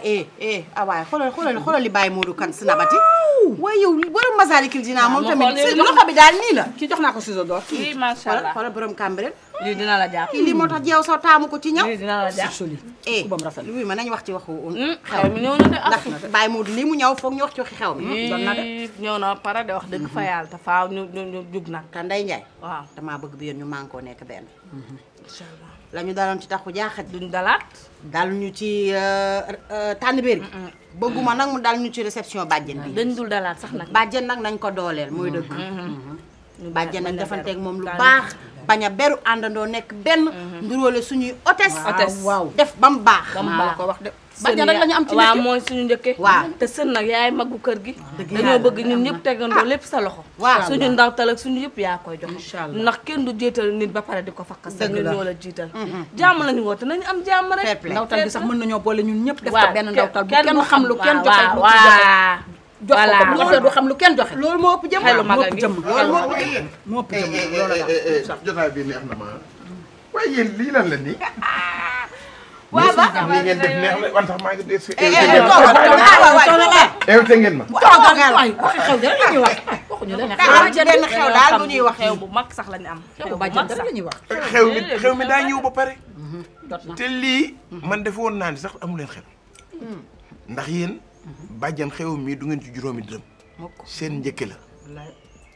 eh eh ah waaye xoolal xoolal xoolal hmm. li Baye Modou kan si nabati. waaye yow borom Masaalikul Jinaan moom tamit si loxo bi daal nii la. kii jox naa ko ciseau d'or. kii macha allah xoolal borom Cambérène. lii dina la jàpp lii moo tax jeew soo taamu ko ci ñaw. lii dina la jàpp suuf si eh, kubam rafet na. ma nañu wax ci waxu. Hmm, xew mi ñëw na de ah, lii mu ñaw foog ñu wax ci waxi xew mi. doon na de ñëw na pare wax dëgg fa hmm. yàlla te faaw ñu ñu jug nag. te Ndeye Ndiaye. waaw damaa bëgg bi yoon ñu mànkoo nekk benn. lañu daloon ci taxu jaaxaj duñu dalaat dal ñu ci euh, euh, tànnbéer gi bëgguma nag mu dal ñu ci réception bàjjen bi dañ dul dalaat sax nag bàjjen nag nañ ko dooleel mooy dëgg mm-hmm. Mm-hmm. Mm-hmm. bàjjen nag defanteeg moom lu baax bañ a beru àndandoo nekk benn. Mhm. nduróole suñuy hôtesse. waaw def ba mu baax. ba mu baax ko wax de. sën ya la ñu am ci mooy suñu njëkke waaw te sën nag yaay maggu kër gi. dañoo bëgg ñun ñëpp tegandoo ah. lépp sa loxo. waaw suñu ndawtal ak suñu yëpp yaa koy jox. incha allah ndax kenn du jiital nit ba pare di ko fakk sa ñun ñoo la jiital. Mhm. jàmm lañu woote nañu am jàmm rek. ndawtal bi sax mën nañoo boole ñun ñëpp. def ko benn ndawtal bu kenn xam lu kenn joxe lu ci joxe jox ko bu ko du xam lu kenn joxe. loolu moo ëpp jëmm xelu magal gi loolu moo ëpp jëmm moo ëpp jëmm eh, loolu la. Eh, eh, jotaay bi neex na ma waaye yéen lii lan la nii. waaw ba xam ngeen def neex na wante maa ngi def. invité ngeen ma. toogal waay waxi xew de la ñuy wax. waxuñu la ne xew daal bu ñuy wax xew bu mag sax la ñu am. xew bu mag sax la ñuy wax. xew mi xew mi daa ñëw ba pare. te lii man defoon naa ni sax amu leen xel. Hmm. ndax yéen bàjjan xew mi du ngeen ci juróomi dërëm. seen njëkk la.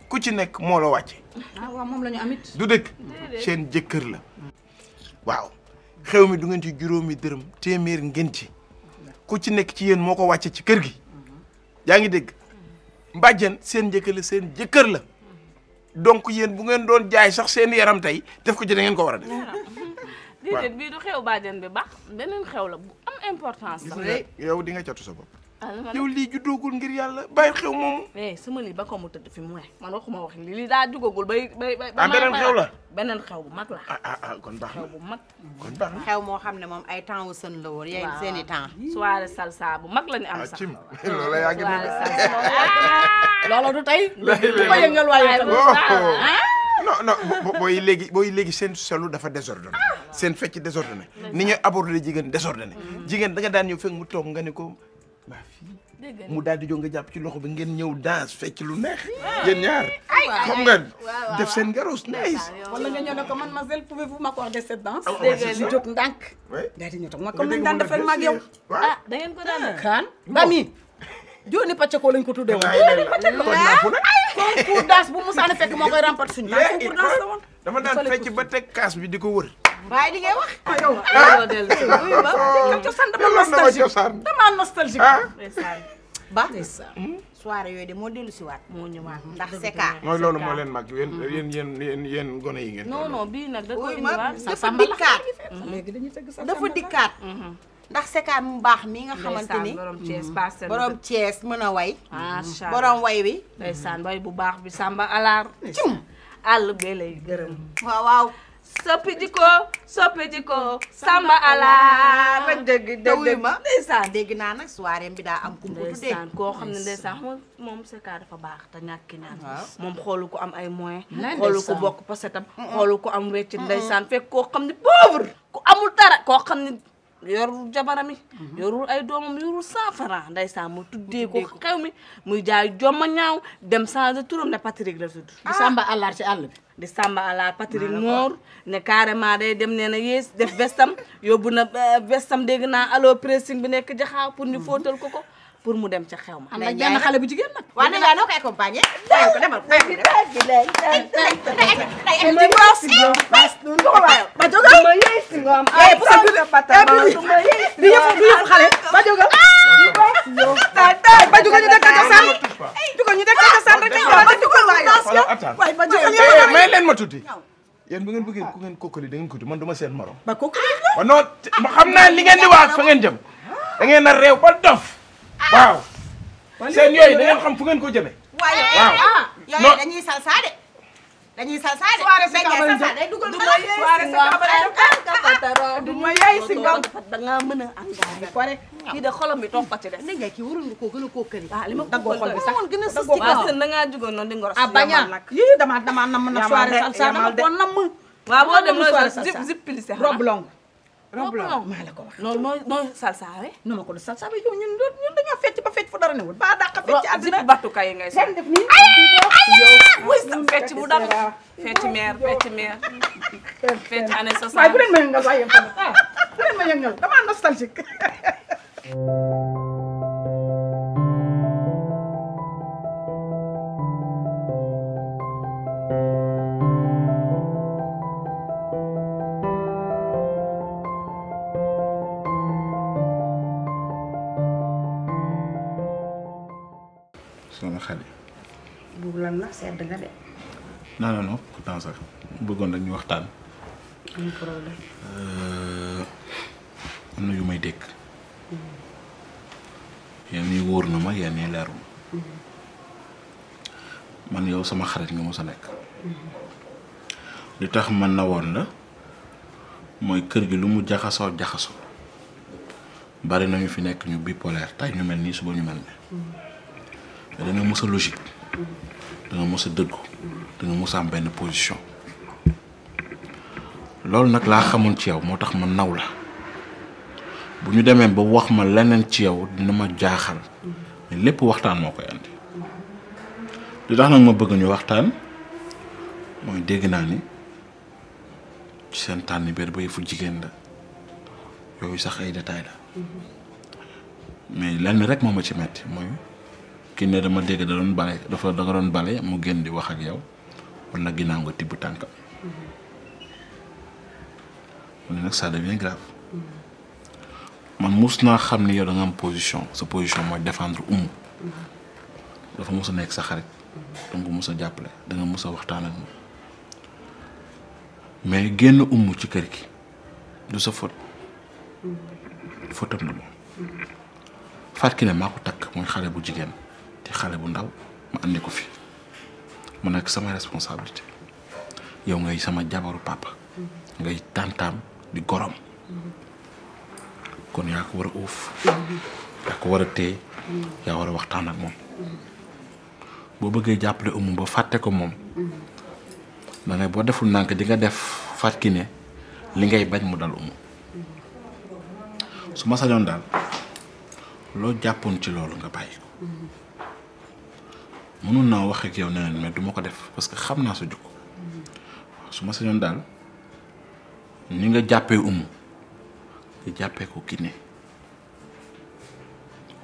ku ci nekk moo la wàcce. Ah, moom la am it. du dëkk seen jëkkër la. waaw xew mi du ngeen ci juróomi dërëm téeméer ngeen ci ku ci nekk ci yéen moo ko wàcce ci kër gi. yaa ngi dégg bàjjan seen njëkk seen jëkkër la donc yéen bu ngeen doon jaay sax seen yaram tey def ko ci da ngeen ko war a def. déedéet bii du xew bàjjan bi baax beneen xew la bu am importance la. yow di nga catu sa bopp. Ah, yow lii juddoogul ngir yàlla bàyyi xew moomu. eh sama lii ba ko mu tëdd fi mu ne man waxuma wax lii lii daa jugagul bay bay bay. ah beneen xew la beneen xew bu mag la. Ah, ah ah kon baax na xew bu mag. kon baax na xew moo xam ne moom ay temps wu sën la woon. waaw seen i temps. soirée salsa bu mag la ñu am ah, sax. ah cim loola yaa ngi ne loolu du tey. léegi-léegi du ma yëngal waaye tamit non non booy léegi booy léegi seen solu dafa désordonné seen fecc désordonné ni ñu aborder jigéen désordonné mm-hmm. jigéen da nga daan ñëw fekk mu toog nga ne ko waa mu daal di jóg nga jàpp ci loxo bi ngeen ñëw danse fecc lu neex. Ah. yéen ñaar xam nga def seen garos nice. wala nga ñëw ne ko man mademoiselle pouvez-vous m'accorder cette danse. Ah, dégg nga ñu jóg ndànk. daal di daan defal ma ak da ngeen ko daan def ba bami Jooni Pacako lañ ko tuddee woon. Jooni Pacako ah, concours danse bu Moussa fekk moo koy remporté suñu. concours danse la woon dafa daan ba teg bi di ko wër. waaye li ngay wax. Ah, yow ah yow ba ah, yow cosaan dama nostalgique ah? ba soirée yooyu de moo dellu si waat moo ñëwaat ndax Secka. mooy loolu moo leen mag yéen yéen yéen yéen gone yi ngeen. non non bii nag da koy indiwaat mhm. léegi dañuy tëgg sa dafa dikkaat. Mhm. ndax Secka mu baax mi nga xamante ni mhm. borom Thiès mën a way. macha borom way wi. ndeysaan way bu baax bi samba alaar. cim àll bee lay gërëm. waaw waaw. soppi jikko soppi jikko samba ala rek dëgg dëgg ma ndeysaan dégg naa nag soirée bi daa am ku mu tuddee koo xam ne ndeysaan xam moom Secka dafa baax te ñàkki naan moom xoolu ko am ay moyen xoolu ko bokk posetam xoolu ko am wecc ndeysaan fekk koo xam ne pauvre ku amul dara koo xam ne yor jabaram yi mhm. yorul ay doomam yorul cent franc ndeysaan mu tuddee ko xew mi muy jaay jomma ñaaw dem changé turam ne Patrick la tudd di samba àllaar àll bi di samba àllaar Patrick Moor ne carrément day dem nee na yées def vestam yóbbu na eh, vestam dégg naa alo pressing bi nekk jaxaa pour ñu mhm. fóotal ko ko pour mu dem ca xew ma. am na benn xale bu jigéen nag. waaw ne yaa noo koy accompagner. waaw ko demal waaw ko demal. ba jóg ma yëy si nga am. ay sa bi ma yëy si nga am yëpp xale ba jóg. ba jóg ñu def ko sànni. jóg ñu def ko sànni rek ñu ba jóg waaye. waaye ba jóg ñu may leen ma tuuti. yéen bu ngeen bëggee ku ngeen kokkali da ngeen ko tuuti man du ma seen morom. ba kokkali. non xam naa li ngeen di wax fa ngeen jëm da ngeen a réew ba dof waaw. seen yooyu da ngeen xam fu ngeen ko jëme waaw ah, yooyu dañuy salsa de. dañuy salsa de. da nga mën a engrais pare kii de bi toog ko ci des. ne ngay kii waroon nga koo gën a koo këri. waaw ah, li ma ko xol bi a sës ci kaw da ngaa jugoon noonu di ngor. ah bañ a yii damaa damaa namm na soirée roblon maa la ko wax loolu mooy mooy salsaawe eh? no ma ko du salsaawe yow ñun fecc ba fecc fu dara newul ba dàqa fecc ci àddina battukaay ngay seen def nii muy sa fecc bu dara fecc meer fecc meer fecc année soixante waaye bu leen ma yëngal waaye ah, bu leen non non non pourtant sax bëggoon rek ñu waxtaan. Euh, am na yu may dékk mm-hmm. yenn yi wóor na ma yenn yi leerul. Mm-hmm. man yow sama xarit nga mos a nekk. Mm-hmm. li tax man na woon la mooy kër gi lu mu jaxasoo jaxasoo bari na ñu fi nekk ñu bipolaire tay ñu mel nii suba ñu mel ne. dana mos a logique. dana mos dëggu. da nga benn position loolu nag laa xamoon ci yow moo tax ma naw la bu ñu demee ba wax ma leneen ci yow dina ma jaaxal mais lépp waxtaan moo koy andi li tax nag ma bëgg ñu waxtaan mooy dégg naa ni ci seen tànn biir ba yëfu jigéen la yooyu sax ay détails la mm-hmm. mais lenn rek moo ma ci metti mooy. ki ne dama dégg da doon bale dafa da doon bale mu génn di wax ak yow wala ginnaaw nga tibb tànkam. mu ne nag ça devient grave. man mus naa xam ni yow da am position sa position mooy défendre umu. dafa mus a nekk sa xarit. da mus a jàppale da nga mus a waxtaan ak moom génn umu ci kër gi du sa faute. faute am na moom. Fatou Kiné maa ko takk mooy xale bu jigéen. di xale bu ndaw ma andi ko fi mu nekk sama responsabilité yow ngay sama jabaru papa ngay tàntaam di gorom kon yaa ko war a uuf yaa ko war a téye yaa war a waxtaan ak moom boo bëggee jàppale umu ba fàtte ko moom da boo deful nànk di nga def fàtt ki ne li ngay bañ mu dal umu su ma sañoon daal loo jàppoon ci loolu nga bàyyi ko mënoon naa wax ak yow neneen mais du ma ko def parce que xam naa sa jukko su ma sañoon daal ni nga jàppee umu nga jàppee ko Kiné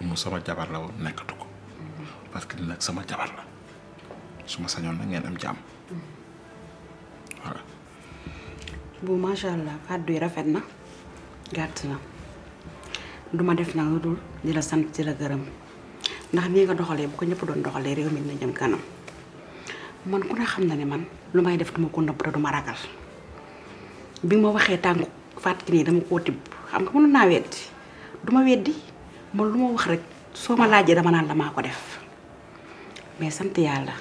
umu sama jabar la woon nekkatu ko parce que nag sama jabar la su ma sañoon nag ngeen am jàmm voilà. bu macha allah kàddu yi rafet na gàtt na du def nag lu dul di sant di la gërëm. ndax nii nga doxalee bu ko ñëpp doon doxalee réew mi na jëm kanam man ku ne xam na ne man lu may def duma ko nëbb te duma ragal bi ma waxee tànku fàtt ki nii dama ko tibb xam nga mënu naa weddi duma weddi man lu ma wax rek soo ma laajee dama naan la maa ko def mais sant yàlla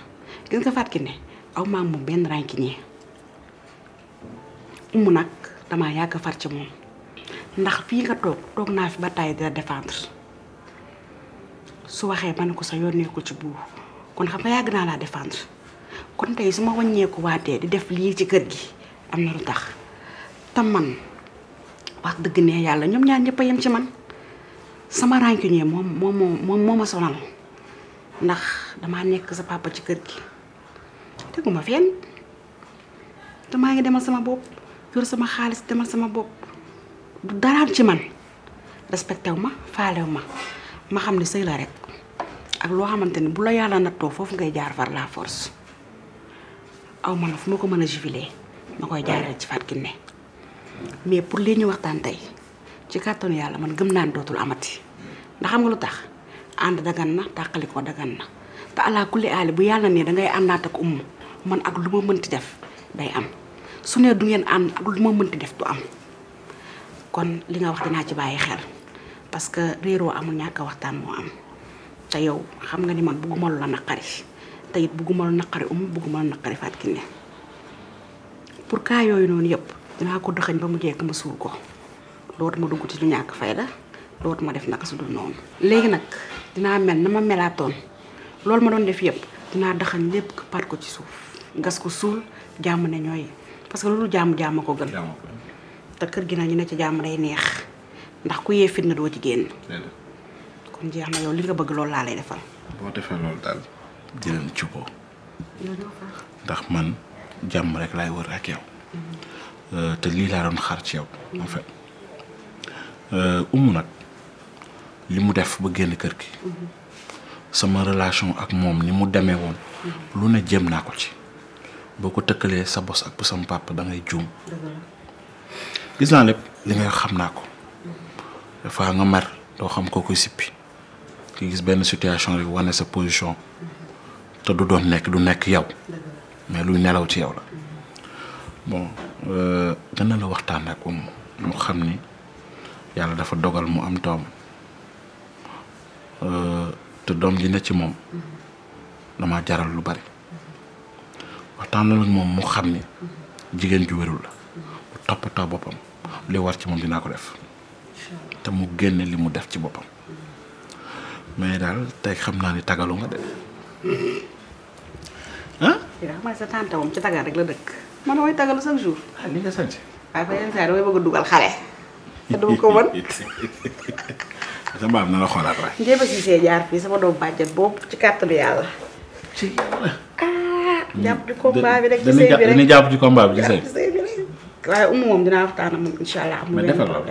gis nga fàtt ki ne aw maa moom benn rànkiñee umu nag damaa yàgg far ci moom ndax fii nga toog toog naa fi ba tàyyi di la su waxee man ko sa yónneeku ci buur kon xam nga yàgg naa laa défendre kon tey su ma wàññeeku waatee di def lii ci kër gi am na lu tax tam man wax dëgg ne yàlla ñoom ñaar ñëpp a yem ci man sama rancunier moom moom moom moo ma sonal ndax damaa nekk sa papa ci kër gi teguma fenn te maa ngi demal sama bopp kër sama xaalis demal sama bopp du daraam ci man respecté wu ma faalew ma ma xam ne sëy la rek ak loo xamante ni bu la yàlla nattoo foofu ngay jaar par la force aw ma fu ma ko mën a jubilee ma koy jaarale ci Fatou Kiné mais pour lii ñu waxtaan tey ci kàttanu yàlla man gëm naa ne dootul amati ndax xam nga lu tax ànd dagan na tàqali ko dagan na te ala kulli aali bu yàlla ne dangay àndaat ko umu man ak lu ma mënti def day am su ne du ngeen ànd ak lu ma mënti def du am kon li nga wax dinaa ci bàyyi xel parce que réeroo amul ñàkk waxtaan moo am. te yow xam nga ni man bugguma lu la naqari te it bugguma lu naqari um bugguma lu naqari Fatou Kiné pour kaa yooyu noonu yëpp dinaa ko doxañ ba mu jekk ma suur ko ci ñàkk fayda dootuma def naka su dul noonu. léegi nag dinaa mel na ma melaatoon loolu ma doon def yëpp dinaa doxañ lépp pat ko ci suuf gas ko suul jàmm ne ñooy parce que loolu jàmm jàmm ko gën. te kër gi nag ñu ne ci jàmm day neex ndax ku yee fitna doo ci génn. jeex na yow li nga bëgg loolu laa lay defal. boo defee loolu daal dinañ juboo ndax man jàmm rek laay wër ak yow. Euh, te lii laa doon xaar ci yow. en fait euh, umu nag li mu def ba génn kër gi. sama relation ak moom ni mu demee woon. lu ne jëm naa ko ci. boo ko tëkkalee sa bos ak bu sama papa da ngay juum. gis naa lépp li nga xam naa ko. dafa nga mar doo xam koo koy sippi. ki gis benn situation rek wane sa position te du doon nekk du nekk yow mais luy nelaw ci yow la bon euh, dana la waxtaan ak moom mu xam ni yàlla dafa dogal mu am doom euh, te doom ji ci moom dama jaral lu bari waxtaan la moom mu xam ni jigéen ju wérul la mu toppatoo boppam li war ci moom dinaa ko def te mu génne li mu def ci boppam mais daal tey xam naa ni tagalu nga de ah. yi nga sa tante moom ci tagal rek la dëkk. man mooy tagalu chaque jour. ah waaye fa yenn saa yi bëgg a dugal xale. te dama ko mën. sa mbaam na la xoolaat rek. njéem a gisee jaar fii sama doom bàjjen boobu ci kàttanu yàlla. ci yàlla. Ah, hmm. jàpp ci combat bi rek. ci sëy bi rek dañuy jàpp ci combat bi ci umu moom dinaa waxtaan ak moom incha allah. mu defal la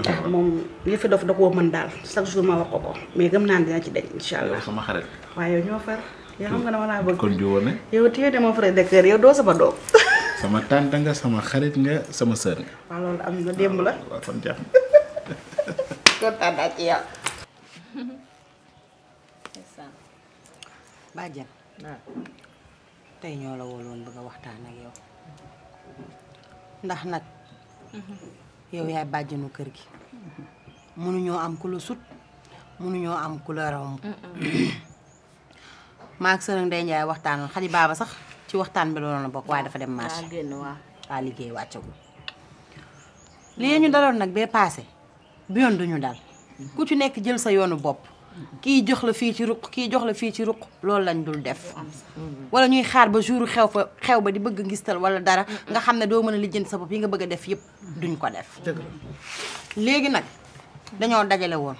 ndax moom yëfi dof da koo mën daal chaque jour ma wax ko ko mais gëm naan dina ci deñ incha sama xarit waaye ñoo far yow xam nga dama laa bëgg kon jiwoon ne yow téye dama frère de cœur yow doo sama doom sama tante nga sama xarit nga sama sœur nga waaw loolu am na démb la ah, tey ñoo la woloon bëgg a waxtaan ak yow ndax nag yow yaay bàjjenu kër gi mënuñoo am ku la sut mënuñoo am ku la raw maa ak sëriñ Ndeye Ndiaye waxtaanoon xadi baaba sax ci waxtaan bi loolu bokk waaye dafa dem marché waa liggéey wàccagul li ñu daloon nag bee paase bi yoon duñu dal ku ci nekk jël sa yoonu bopp kii jox la fii ci ruq kii jox la fii ci ruq loolu lañ dul def wala ñuy xaar ba jour xew fa xew ba di bëgg ngistal wala dara nga xam ne doo mën a lijjanti sa bopp yi nga bëgg a def yëpp duñ ko def léegi nag dañoo dajale woon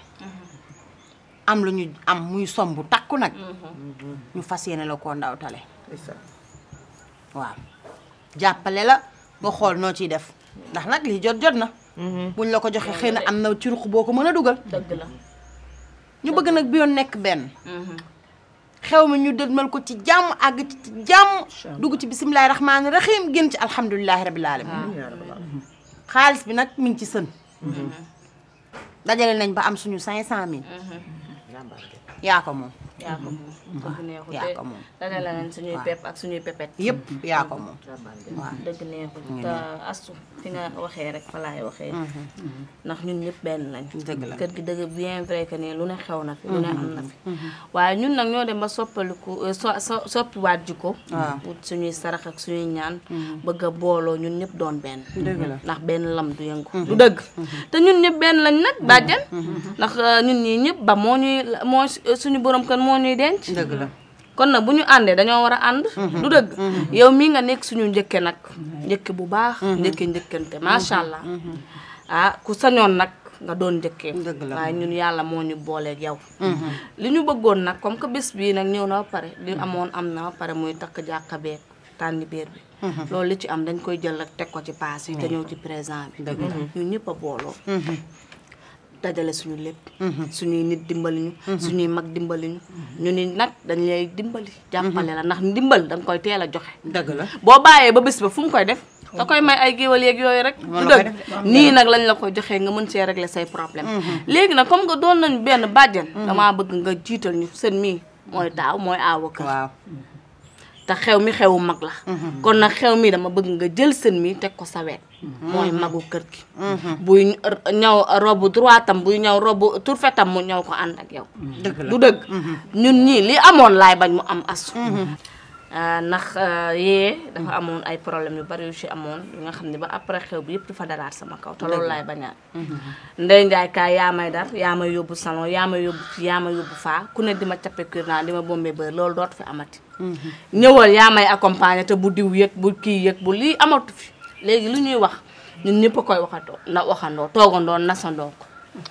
am lu ñu am muy somb takku nag ñu fas yéene la koo ndawtale waaw jàppale la nga xool noo ciy def ndax nag lii jot jot na mhm. buñ la ko joxee xëy na am na ci ruq boo ko mën a dugal dëgg la ñu bëgg nag bi yoon nekk benn. xew mi ñu mal ko ci jàmm àgg ci jàmm. dugg ci bisimilah rahmaani rahiim génn ci alhamdulilah rabil aalamiin. xaalis bi nag mi ngi ci sën. Mhm. dajale nañ ba am suñu 500000. Mhm. yaa ko moom. yaa ko mhm. moom mhm. yaa ko moom dëgg neexul te leneen suñuy pep ak suñuy pepet yëpp yaa ko moom waaw dëgg neexul te astu fi nga waxee rek fa waxee mhm. ndax ñun ñëpp benn lañ la kër gi dëgg bien vrai ne lu ne xew na fi lu ne na ñoo dem ba soppaliku euh, so soppiwaat jikko wut suñuy sarax ak suñuy ñaan bëgg a booloo ñun ñëpp doon benn dëgg la ndax benn lam du yëngu du dëgg te ñun ñëpp benn lañ nag bàjjen ndax euh, ñun ñii ñëpp ba moo ñuy moo suñu borom kan moo ñuy denc. dëgg la kon nag bu ñu àndee dañoo war a ànd. Mhm. du dëgg mhm. yow mii nga nekk suñu njëkke nag. Mhm. njëkke bu baax. njëkke njëkkante macha allah. ah ku sañoon nag nga doon njëkkee. dëgg la waaye ñun yàlla moo ñu booleeg yow. li ñu bëggoon nag comme que bés bii nag ñëw na ba pare li amoon am na ba pare muy takk jàkka beeg tànni biir bi. loolu li ci am dañ koy jël rek teg ko ci paas yi. te ñëw ci présent bi. dëgg la ñun dajale suñu lépp mhm. suñuy nit dimbali ñu mhm. suñuy mag dimbali ñu mhm. ñu ni nag dañ lay dimbali jàppale la ndax dimbal danga koy teel a joxe la boo bàyyee ba bis ba fu mu koy def da koy may ay géwal yeeg yooyu rek du dëgg nii nag lañ la ko joxee nga mën see régler say problème léegi nag comme nga doon nañ benn bàjjen damaa bëgg nga jiital ñu seen mii mooy taaw mooy a kër te xew mi xewu mag la mhm. kon nag xew mi dama bëgg nga jël sën mi teg ko sa wet mhm. mooy magu kër gi mhm. buy ñaw robu droit tam buy ñaw robu turfetam mu ñaw ko ànd ak yow du dëgg ñun ñii li amoon laay bañ mu am asu Euh, nax euh, yee dafa amoon ay problème yu bari yu ci amoon yu nga xam ne ba après xew bi yëpp dafa dalaat sama kaw te loolu laay bañaat ndey njaay kaay yaa may dar yaa may yóbbu salon yaa may yóbbu ci yaa faa ku ne di ma cappe kër naa di ma bombee bër loolu dootu fi amati mhm. ñëwal yaa may accompagner te bu diw yëg bu kii yëg bu lii amatu fi léegi lu ñuy wax ñun ñëpp a koy waxatoo na waxandoo toogandoo nasandoo ko mhm.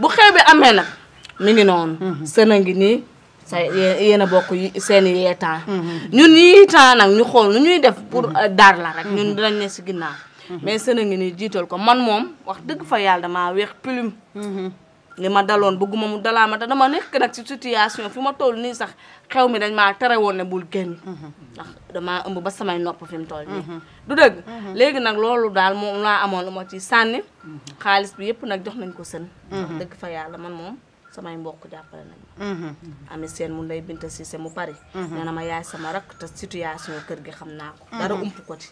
bu xew bi amee nag mi ngi noonu mhm. sën a ngi nii sa yéen a bokk seen i yee temps mm-hmm. ñun ñii temps nag ñu xool nu ñuy def pour mm-hmm. euh, daar la rek ñun mm-hmm. dinañ ne si ginnaaw mais seen a ngi ni jiital ko man moom wax dëgg fa yàlla damaa weex plume li ma daloon bëgguma mu dalaa ma te dama nekk nag ci situation fi ma tool nii sax xew mi dañ maa tere woon ne bul génn damaa ëmb ba samay nopp fi tool du dëgg léegi nag loolu daal moom laa amoon lu ma ci sànni xaalis bi yëpp nag jox nañ ko sën wax dëgg fa yàlla man moom samay mbokk jàppale nañu mhm. ami seen mun lay binta se mu pari mhm. nee na ma yaay sama rak te situation kër gi xam naa ko mhm. dara ump ko ci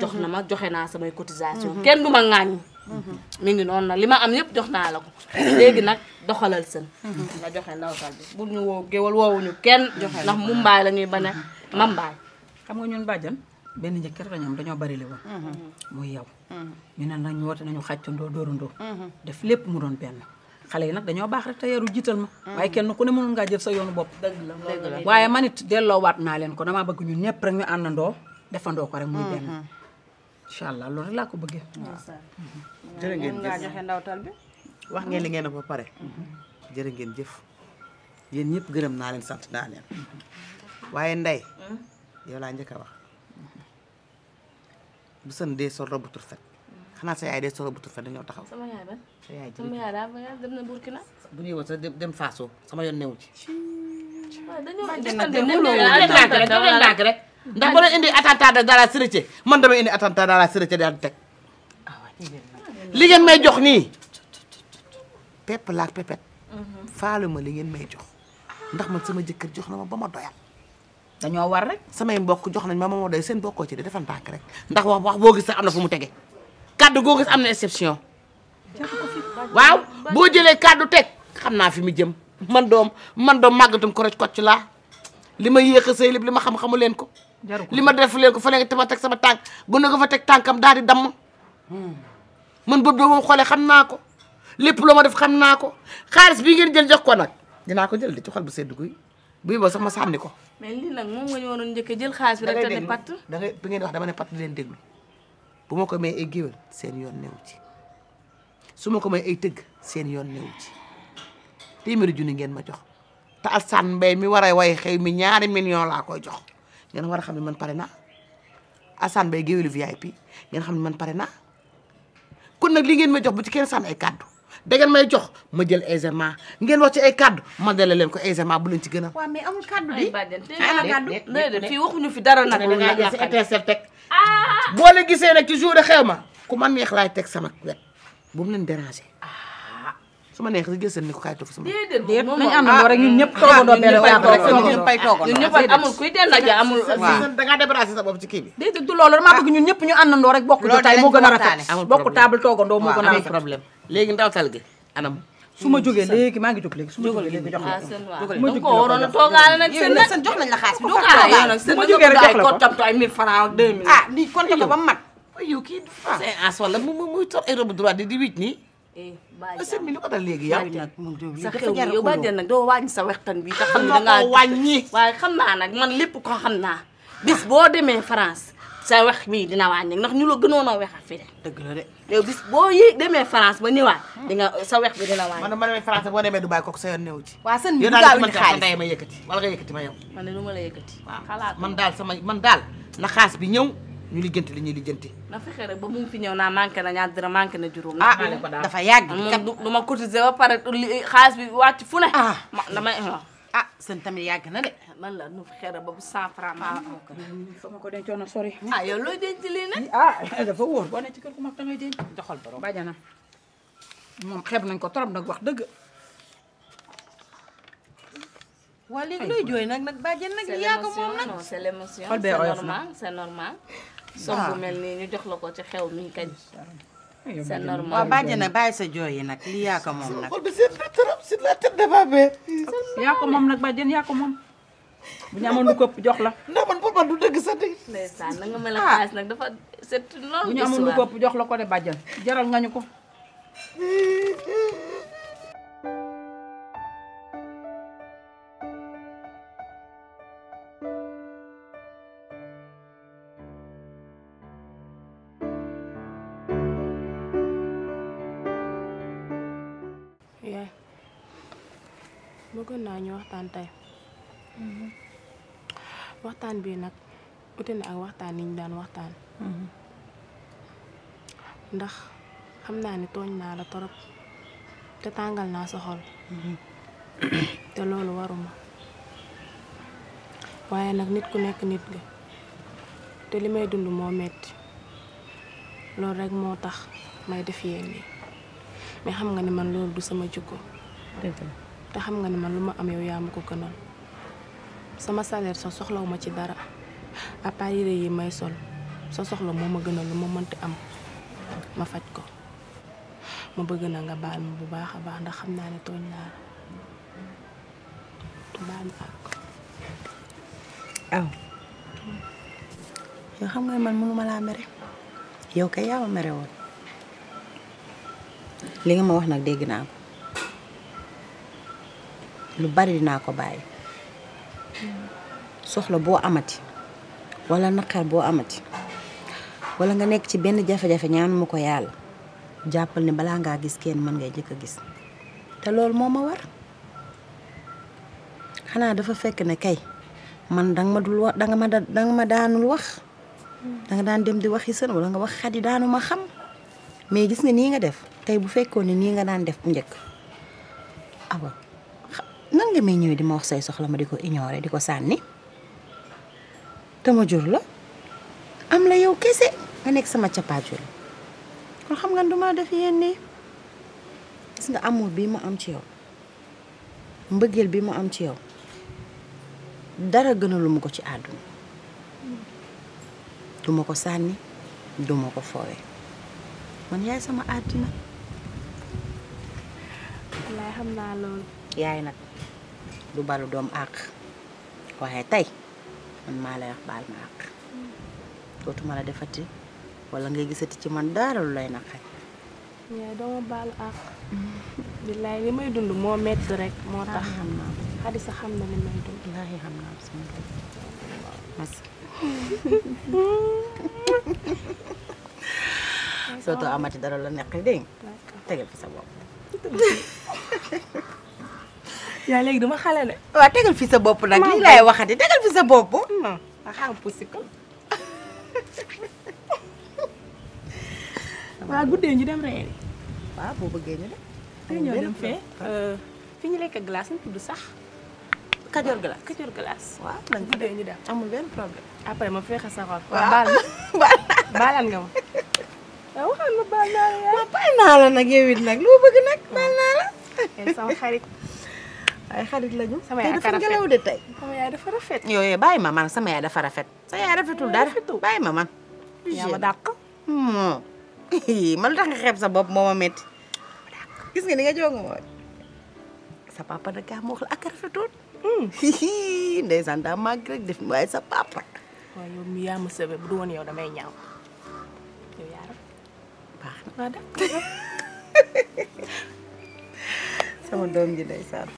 jox na ma joxe naa samay cotisation kenn du ma ŋaañu mi ngi noonu nag li ma am yëpp jox naa la ko léegi nag doxalal sën nga joxe ndawtal bi bu ñu woo géwal kenn ndax mu mbaay la ñuy bane ma mbaay xam nga ñun bàjjan benn njëkkër la ñoom dañoo bari li woon muy yow ñu ne nañ woote nañu xàccandoo dóorandoo def lépp mu doon benn xale yi nag dañoo baax rek te yaru jiital ma mm. waaye kenn ku ne mënul ngaa jël sa yoonu bopp waaye man it delloowaat naa leen ko damaa bëgg ñun ñëpp rek ñu àndandoo defandoo ko rek muy benn mm-hmm. allah loolu rek laa ko bëggee mm-hmm. mm-hmm. jërë ngeen jëf joxe ndawtal wax ngeen li ngeen a ba pare jërë ngeen jëf yéen ñëpp gërëm naa leen sant naa leen waaye ndey yow laa njëkk a wax bu sën dee sol robu tur xanaa sa yaay de solo bu tur fa dañoo taxaw. sama yaay ban sama yaay daa ba dem na Burkina. bu ñuy wax sax dem Faso sama yoon newu ci. waaw dañoo dem rek ndax ba doon indi attentat dans la sûreté man damay indi attentat dans la sûreté daal di teg. li ngeen may jox nii. pepp laak pepet. Mhm. faalu ma li ngeen may jox ndax man sama jëkkër jox na ma ba ma doyal. dañoo war rek. samay mbokk jox nañ ma ba ma doy seen bokkoo ci de defal ndànk rek ndax wax wax boo gis sax am na fu mu tege. kàddu goo gis am na exception waaw boo jëlee kàddu teg xam naa fi mu jëm man doom man doom màggatum ko roj kocc laa li ma yéex a sëy lépp li ma xam-xamu leen ko li ma def leen ko fa leen tama teg sama tànk gune ko fa teg tànkam daal di damm man bët boobu xoolee xam naa ko lépp loo ma def xam naa ko xaalis bii ngeen jël jox ko nag dinaa ko jël di ci xol bu sedd guy bii boo sax ma sànni ko lii nag moom nga ñu waroon njëkkee jël xaalis bi rek da ngay bi ngeen wax dama ne patt leen déglu bu ma ko may ay géwél seen yoon newu ci su ma ko may ay tëgg seen yoon newu ci téeméeri junni ngeen ma jox te Assane Mbaye mi war a way xew mi ñaari million laa ko jox ngeen war a xam ne man pare naa Assane Mbaye géwélu VIP ngeen xam ne man pare na kon nag li ngeen ma jox bu ci kenn sànni ay kàddu da ngeen may jox ma jël aisément ngeen wax ci ay kaddu ma dale leen ko aisément bu leen ci gën a. waaw mais di. ay kaddu déedéet fi dara na loolu laa si ETSF teg. boo leen gisee nag ci jour ku ma neex laay teg sama wet bu mu leen déranger. Ah! su ma neex rek jël seen ni ko kaay toog sama. déedéet moom nañu àndandoo rek ñun ñëpp toogandoo ah, benn waat rek ñun ñëpp ay sa bopp ci kii bi. déedéet du loolu damaa a rafet. bokk table toogandoo moo léegi ndawtal gi anam. su ma jógee léegi maa ngi jóg léegi su ma jógee léegi jox la ko. Ah, ma jógee ko waroon a toogaale nag seen nag seen jox nañ la xaalis bi. Ah, su ma jógee rek jox la ko compte ay 1000 francs 2000. ah di compte ko ba mu mat. yow kii du fa. c'est en soi la mu muy toog ay robe droit di di wicc nii. Eh, bàyyi ah, seen bi lu ko dal léegi yow. sa xew bi yow bàyyi nag doo wàññi sa waxtaan bi. te xam ne da ngaa wàññi. waaye xam naa nag man lépp ko xam naa. bis boo demee France sa wax mii dina wàññi ndax ñu la gënoon a wexa fi de. dëgg demee France ba ñëwaat. di nga sa wex bi dina wàññi. man man France demee Dubaï kooku sa yoon néew ci. waaw seen bi daawul xaalis yow ma yëkkati wala ma yow. man de lu ma la yëkkati. waaw man daal sama man daal na xaas bi ñëw ñu lijjanti li ñuy lijjanti. na fexe rek ba mu fi ñëw naa manqué na ñaar dara manqué na ah, dafa yàgg. kat du ma cotiser ba pare xaalis bi wàcc fu ne. ah damay ah seen tamit yàgg na de man la nu xere ba bu cent francs ma ah, fa ma ko dencoon a sori ah yow looy denc lii nag ah dafa wóor boo ne ci kër ku mag dangay denc doxal borom bàjjanam moom xeeb nañ ko torop nag wax dëgg waa léegi looy jooy nag nag bàjjan nag yaa ko moom nag c'est l'émotion c'est normal c'est normal som bu mel nii ñu jox la ko ci xew mi kañ c'est normal waaw bàjjan nag bàyyi sa jooy yi nag lii yaa ko moom nag yaa ko moom nag bàjjan yaa ko moom bu ñu amoon lu këpp jox la. ndax man pour man du dëgg sa dëgg. ndeysaan na nga mel ne ah. nag dafa c'est loolu. bu ñu amoon lu këpp jox la ko de bàjjal jaral nga ko. yaay bëggoon naa ñu waxtaan Mhm. waxtaan bi nag ute na ak waxtaan yi ñu daan waxtaan. Mhm. ndax xam naa ni tooñ naa la torop te tàngal naa sa xol. Mhm. te loolu waruma waaye nag nit ku nekk nit nga te li may dund moo metti loolu rek moo tax may def yéen mais xam nga ni man loolu du sama jikko te xam nga ni man lu ma am yow yaa ma ko gënal. sama salaire sa soxlawu ma ci dara à yére yi may sol sa soxla moo ma gënal lu ma mënti am ma faj ko ma bëgg na nga baal ma bu baax a baax ndax xam naa ne tooñ naa la baal ma àq. aw yoo xam nga man mënuma laa mere yow kay yaa ma mere woon li nga ma wax nag dégg naa ko lu bari dinaa ko bàyyi. soxla boo amati walla naqar boo amati walla nga nekk ci benn jafe-jafe ma ko yàlla jàppal ne balaa ngaa gis kenn mën ngay jëkk a gis te loolu moo ma war xanaa dafa fekk ne kay man danga ma dul wax danga ma ma daanul wax danga daan dem di waxi sën wala nga wax xadi daanu ma xam mais gis nga nii nga def tey bu fekkoon ne nii nga daan def bu njëkk awa nan nga may ñëwee di ma wax say soxla ma di ko ignorer di ko sànni te ma jur la am la yow kese nga nekk sama cappaajul kon xam nga du def yenn nii gis nga amul bi ma am ci yow mbëggeel bi ma am ci yow dara gënalu ma ko ci àdduna duma ko sànni du ko foowe man yaay sama àdduna. lay xam naa loolu. yaay nag. lu balu doom àq waaye tey man maa lay wax baal ma àq dootuma la defati wala ngay gisati ci man dara lay naqari. yaay dama àq. billaay li may dund moo metti rek moo tax. Ah, xam naa xadi sa xam na li may dund. billaay xam naa sama dund. merci. amati dara la nekk dégg nga fi sa bopp. yaa léegi dama xale de. waaw tegal fi sa bopp nag lii laay waxati tegal fi sa bopp. non hmm. ah, xam pusi ko. waaw guddee ñu dem reer. waaw boo bëggee ñu dem. tey ñoo euh, ñu lekk glace ñu tudd sax. Kajoor glace Kajoor glace. waaw lan guddee ñu dem amul benn problème. après ma fexe sa xol. waaw baal ma baalal nga ma. waaw waxal ma baal naa la yaay. baal naa la nag yow it nag loo bëgg nag baal naa la. Eh, sama xarit. ay xarit lañu. sama yaay dafa rafet. yooyu bàyyi ma man sama yaay dafa rafet. sa yaay rafetul dara bàyyi ma man. dàq. Hmm. man lu sa bopp moo ma métti. gis nga ni nga jox ma sa papa da gaa ma wax la ak rafetoon. Hmm. ndeysaan daa def waaye sa papa. waaw ma sëbe bu du woon damay ñaaw yow doom ji ndeysaan.